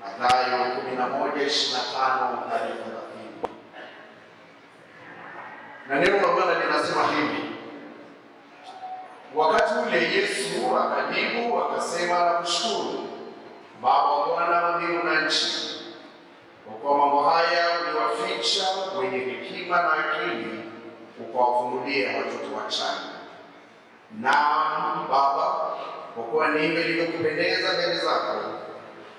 Mathayo kumi na moja Na neno la Bwana linasema hivi: wakati ule Yesu akajibu akasema, nakushukuru Baba, Bwana wa mbingu na nchi, kwa kuwa mambo haya uliwaficha wenye hekima na akili, ukawafunulia watoto wachanga. Naam Baba, kwa kuwa ndivyo ilivyokupendeza mbele zako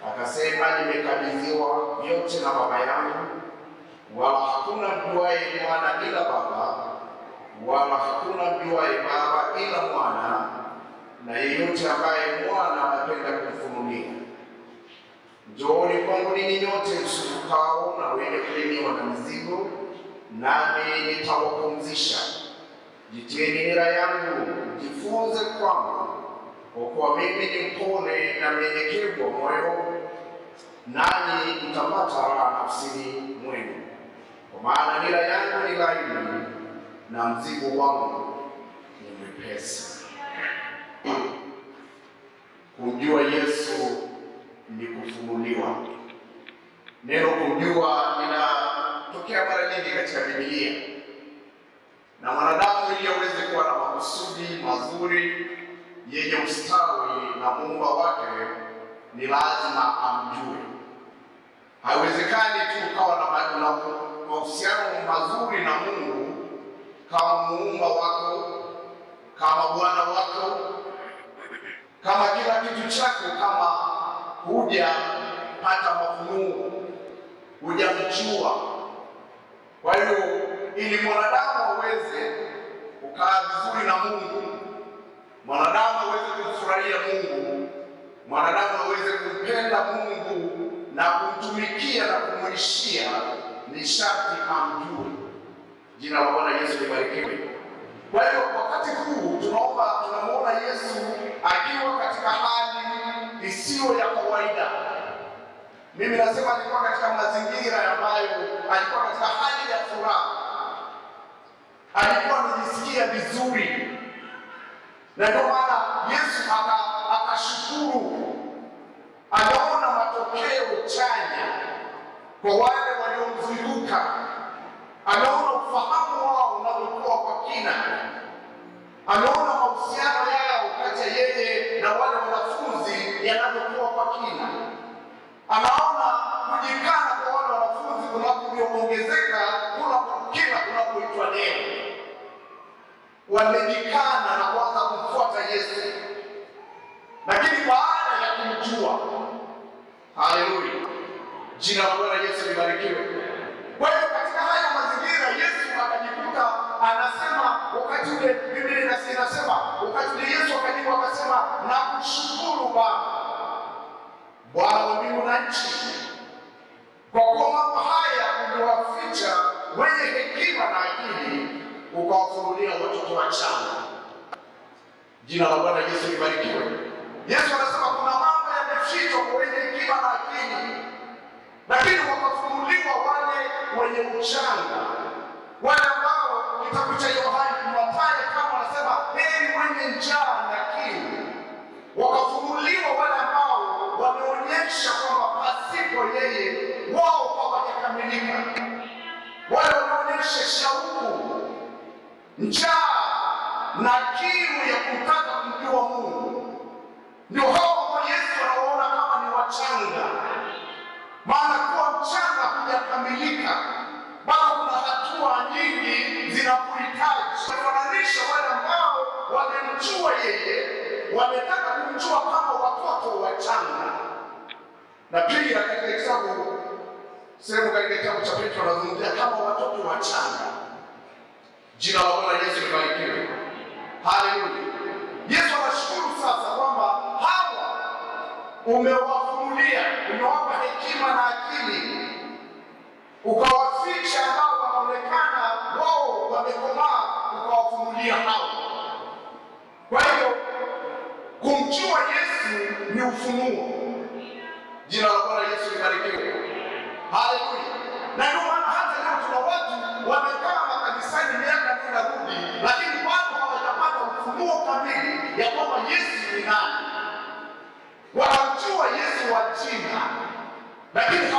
Akasema, nimekabidhiwa yote na Baba yangu, wala hakuna mjuaye mwana ila Baba, wala hakuna mjuaye Baba ila Mwana, na yeyote ambaye Mwana anapenda kumfunulia. Njooni kwangu nini nyote msumbukao na wenye kulemewa na mizigo, nami nitawapumzisha. Jitieni nira yangu, jifunze kwangu, kwa kuwa mimi ni mpone na mnyenyekevu wa moyo nani mtapata raha nafsini mwenu, kwa maana nira yangu ni laini na mzigo wangu ni mwepesi. Kumjua Yesu ni kufunuliwa. Neno kumjua linatokea mara nyingi katika bibilia na mwanadamu ili aweze kuwa na makusudi mazuri yenye ustawi na muumba wake ni lazima amjue. Haiwezekani tu ukawa na mahusiano mazuri na Mungu kama muumba wako, kama Bwana wako, kama kila kitu chako, kama hujapata mafunuo, hujamchua. Kwa hiyo, ili mwanadamu aweze ukaa vizuri na Mungu, mwanadamu aweze kumfurahia Mungu mwanadamu aweze kumpenda Mungu na kumtumikia na kumwishia, ni sharti amjue. Jina la Bwana Yesu libarikiwe. Kwa hiyo wakati huu tunaomba, tunamuona Yesu akiwa katika hali isiyo ya kawaida. Mimi nasema alikuwa katika mazingira ambayo alikuwa katika hali ya furaha, alikuwa anajisikia vizuri, na ndio maana Yesu aka ashukuru, anaona matokeo chanya kwa wale waliomzunguka, anaona ufahamu wao unavyokuwa kwa kina, anaona mahusiano yao kati ya yeye na wale wanafunzi yanavyokuwa kwa kina, anaona kujikana kwa wale wanafunzi kunavyoongezeka kuna kila kunapoitwa neno wale Jina la Bwana Yesu libarikiwe. Kwa hiyo katika haya mazingira Yesu akajikuta anasema, wakati ule Biblia inasema wakati ule Yesu akajibu akasema, nakushukuru Baba, Bwana wa mbingu na nchi, kwa kuwa mambo haya uliwaficha wenye hekima na akili, ukawafunulia watoto wachanga. Jina la Bwana Yesu libarikiwe. Yesu anasema kuna mambo yamefichwa kwa wenye hekima na akili lakini wakafunuliwa wale wenye uchanga, wale ambao kitabu cha Yohana kiwataja kama wanasema heri mwenye njaa na kiu. Wakafunuliwa wale ambao wameonyesha kwamba pasipo yeye wao hawajakamilika, wale wanaonyesha shauku, njaa na kiu ya kutaka kumjua Mungu ndio yangu sehemu katika kitabu cha Petro anazungumzia kama watoto wachanga. Jina la Bwana Yesu libarikiwe. Haleluya. Yesu anashukuru sasa kwamba hawa umewafunulia, umewapa hekima na akili, ukawaficha ambao wanaonekana wao wamekomaa, ukawafunulia hao Kwa hiyo kumjua Yesu ni ufunuo. Jina la Bwana Haleluya. Na ndio maana hata leo tuna watu wamekaa makanisani miaka bila rudi, lakini bado hawajapata ufunuo kamili ya kwamba Yesu ni nani. Wanamjua Yesu wa jina lakini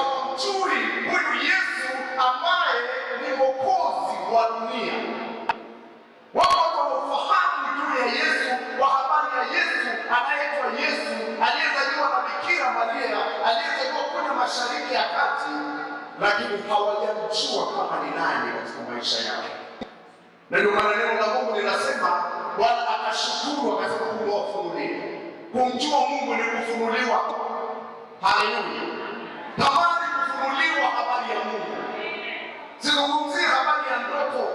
Haleluya! Tamani kufunuliwa habari ya Mungu. Sizungumzie habari ya ndoto,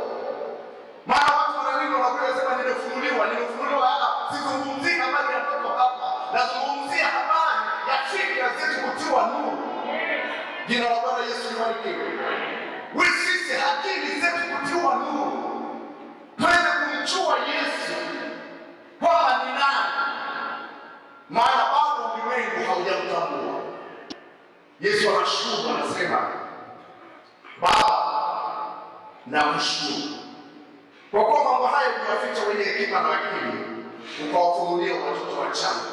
maana watu wanalindwa na nimefunuliwa, nimefunuliwa. sizungumzie habari ya ndoto hapa, nazungumzia habari ya fikra zetu kutiwa nuru. Jina la Bwana Yesu libarikiwe. Sisi akili zetu kutiwa nuru, tuweze kumjua Yesu kwamba ni nani Yesu anashukuru, anasema Baba, namshukuru kwa kuwa mambo haya umeyaficha wenye hekima na akili, ukawafunulia watoto wachanga.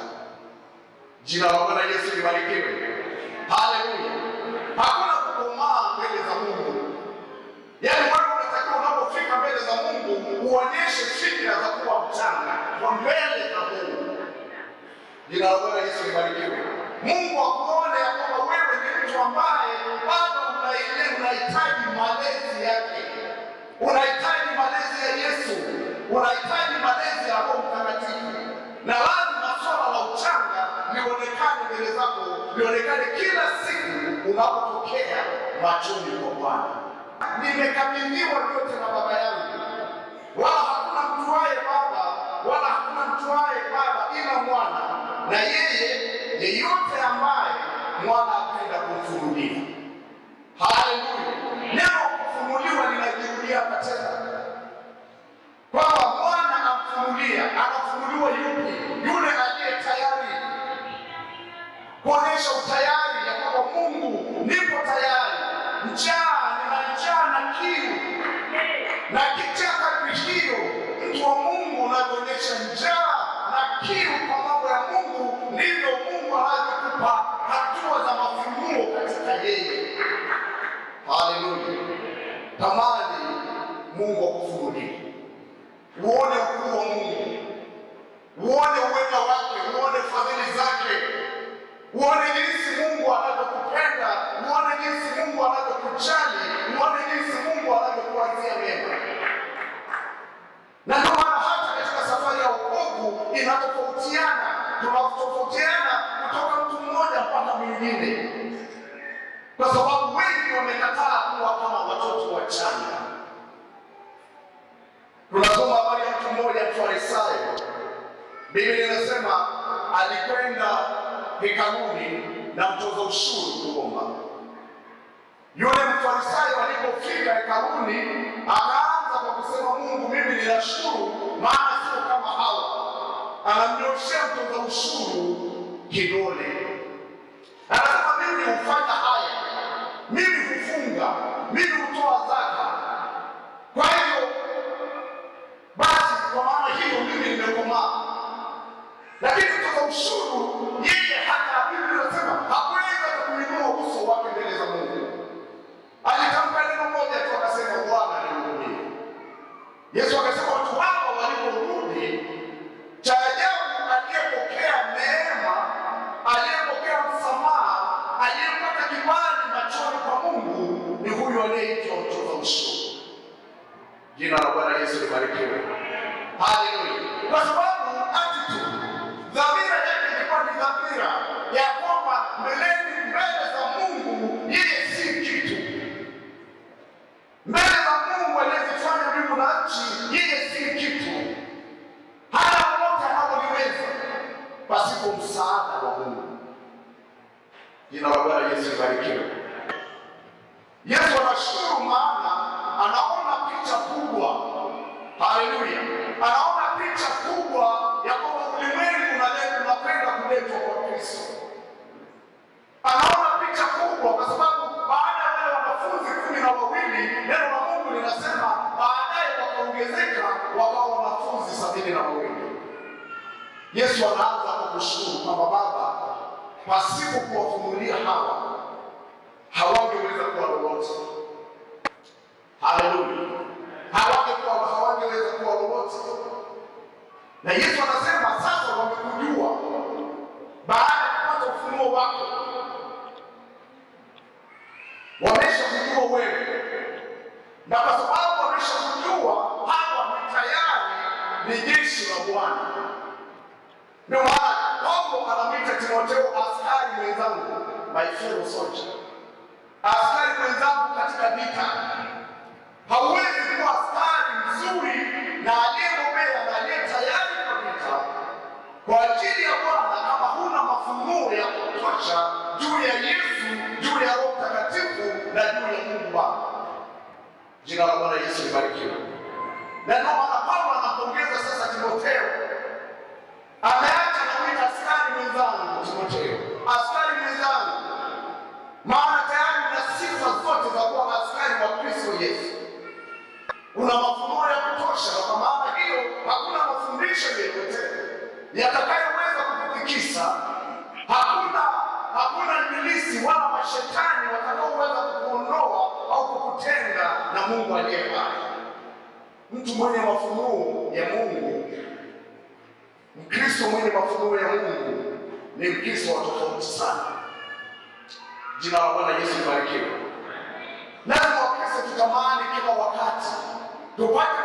Jina la Bwana Yesu libarikiwe. Haleluya! Hakuna kukomaa mbele za Mungu, yaani wewe unatakiwa unapofika mbele za Mungu uonyeshe fikra za kuwa mchanga kwa mbele za Mungu. Jina la Bwana Yesu libarikiwe. Mungu Unahitaji malezi ya Yesu, unahitaji malezi ya Roho Mtakatifu, na lazima swala la uchanga lionekane mbele zako, lionekane kila siku unapotokea machoni kwa Bwana. Nimekabidhiwa yote na Baba yangu, wala hakuna mtuaye Baba, wala hakuna mtuaye Baba ila Mwana, na yeye yeyote tunatofautiana, tunatofautiana kutoka mtu mmoja mpaka mwingine, kwa sababu wengi wamekataa kuwa kama watoto wachanga. Tunasoma habari ya mtu mmoja Farisayo. Biblia inasema alikwenda hekaluni na mtoza ushuru kuomba. Yule Mfarisayo alipofika hekaluni, akaanza kwa kusema, Mungu, mimi ninashukuru maana anamnyoshea mtoza ushuru kidole, anasema mimi hufanya passport pasipo kuwafunulia hawa hawangeweza kuwa lolote. Haleluya, hawangekuwa hawangeweza kuwa lolote. Na Yesu anasema sasa wamekujua baada ya kupata ufunuo wako, wameshakujua wewe, na kwa sababu wameshakujua hawa ni tayari ni jeshi la Bwana. Ndio maana Paulo anamwita Timotheo askari mwenzangu, my fellow soldier, askari mwenzangu katika vita. Hauwezi kuwa askari mzuri na aliyebobea na aliye tayari kwa vita kwa ajili ya Bwana kama huna mafunuo ya kutosha juu ya Yesu, juu ya Roho Mtakatifu na juu ya Mungu Baba. Jina la Bwana Yesu libarikiwe. Na ndio maana Paulo anampongeza sasa Timotheo Amen. Mkristo mwenye mafunuo ya Mungu ni Mkristo wa tofauti sana. Jina la Bwana Yesu libarikiwe. Nasi Wakristo tutamani kila wakati tupate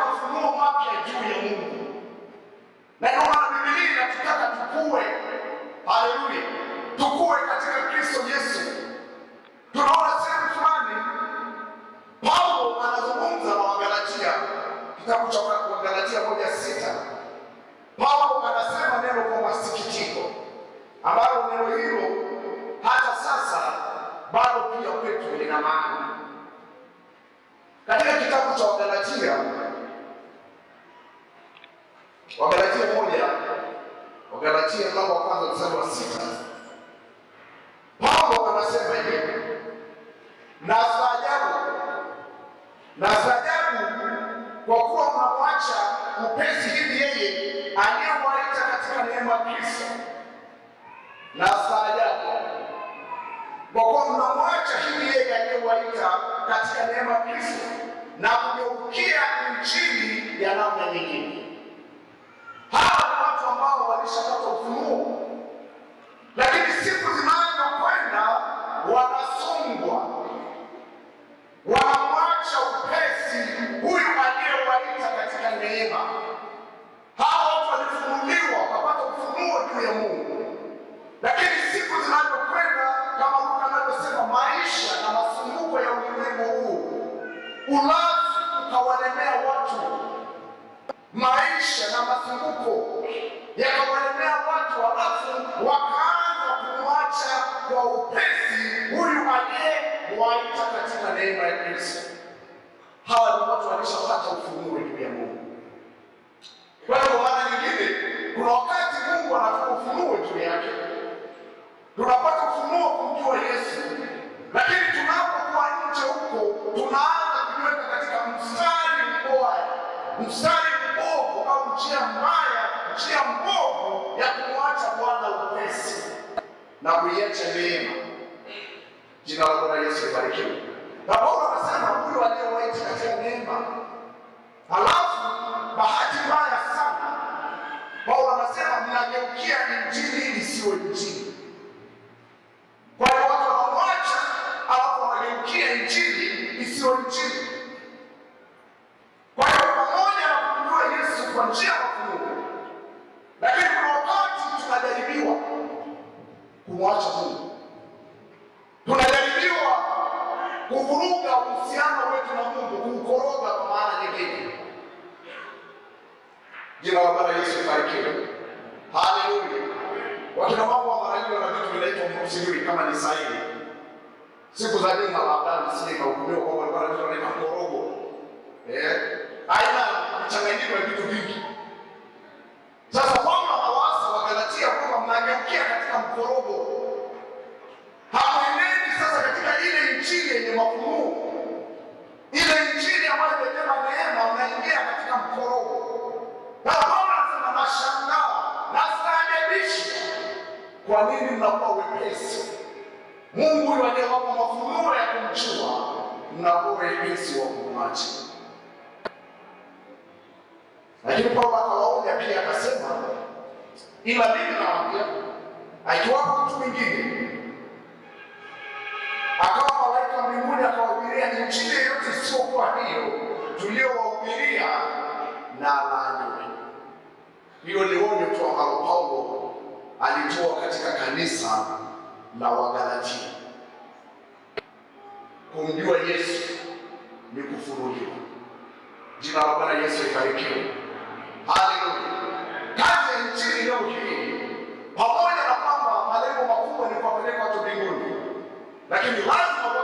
怎么 injili isiyo injili. Kwa hiyo pamoja na kumjua Yesu kwa njia corroborou Injili yoyote isiyokuwa hiyo tuliyowahubiria na alaaniwe. Hiyo ni onyo tu ambalo Paulo alitoa katika kanisa la Wagalatia. Kumjua Yesu ni kufunuliwa. Jina la Bwana Yesu ifarikiwe. Haleluya! Kazi ya Injili leo hii, pamoja na kwamba malengo makubwa ni kuwapeleka watu mbinguni, lakini lazima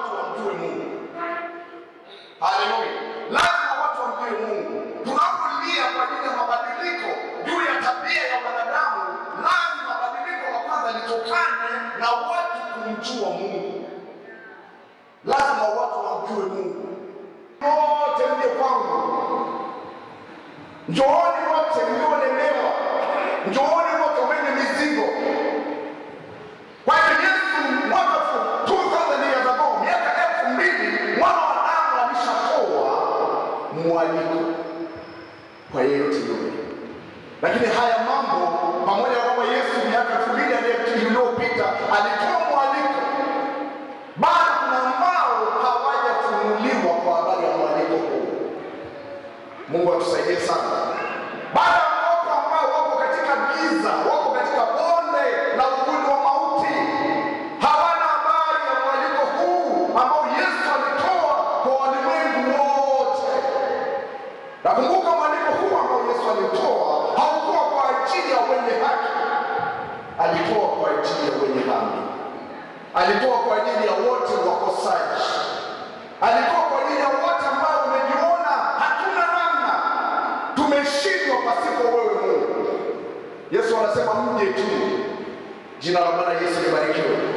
tumeshindwa pasipo wewe Mungu. Yesu anasema mje tu. Jina la Bwana Yesu libarikiwe.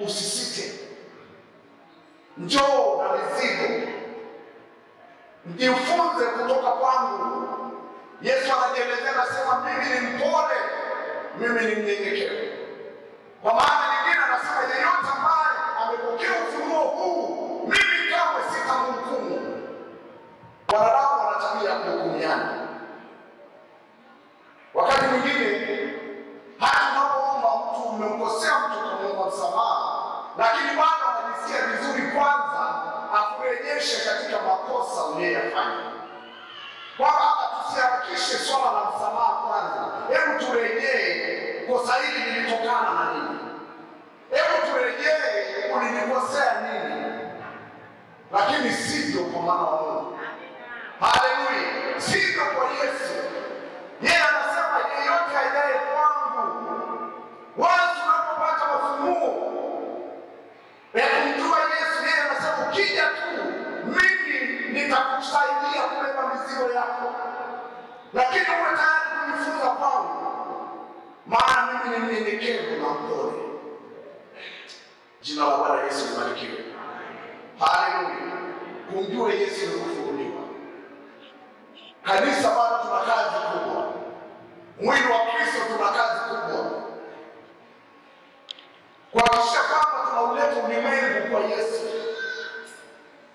Usisite, njoo na mizigo, mjifunze kutoka kwangu. Yesu anajielezea anasema, mimi ni mpole, mimi ni mnyenyekevu, kwa maana nyingine anasema uliyoyafanya. Bwana, tusiharakishe swala la msamaha kwanza. Hebu turejee, kosa hili lilitokana na nini? Hebu turejee, ulinikosea nini? Lakini sivyo kwa mama wangu. Haleluya, sivyo kwa Yesu uponye. Jina la Bwana Yesu libarikiwe. Haleluya. Kumjua Yesu ni Kanisa bado tuna kazi kubwa, mwili wa Kristo tuna kazi kubwa kuhakikisha kwamba tunauleta ulimwengu kwa Yesu,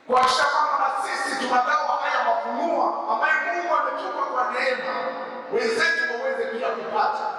kuhakikisha kwamba na sisi tunagawa haya mafunuo ambayo Mungu ametupa kwa neema, wenzetu waweze pia kupata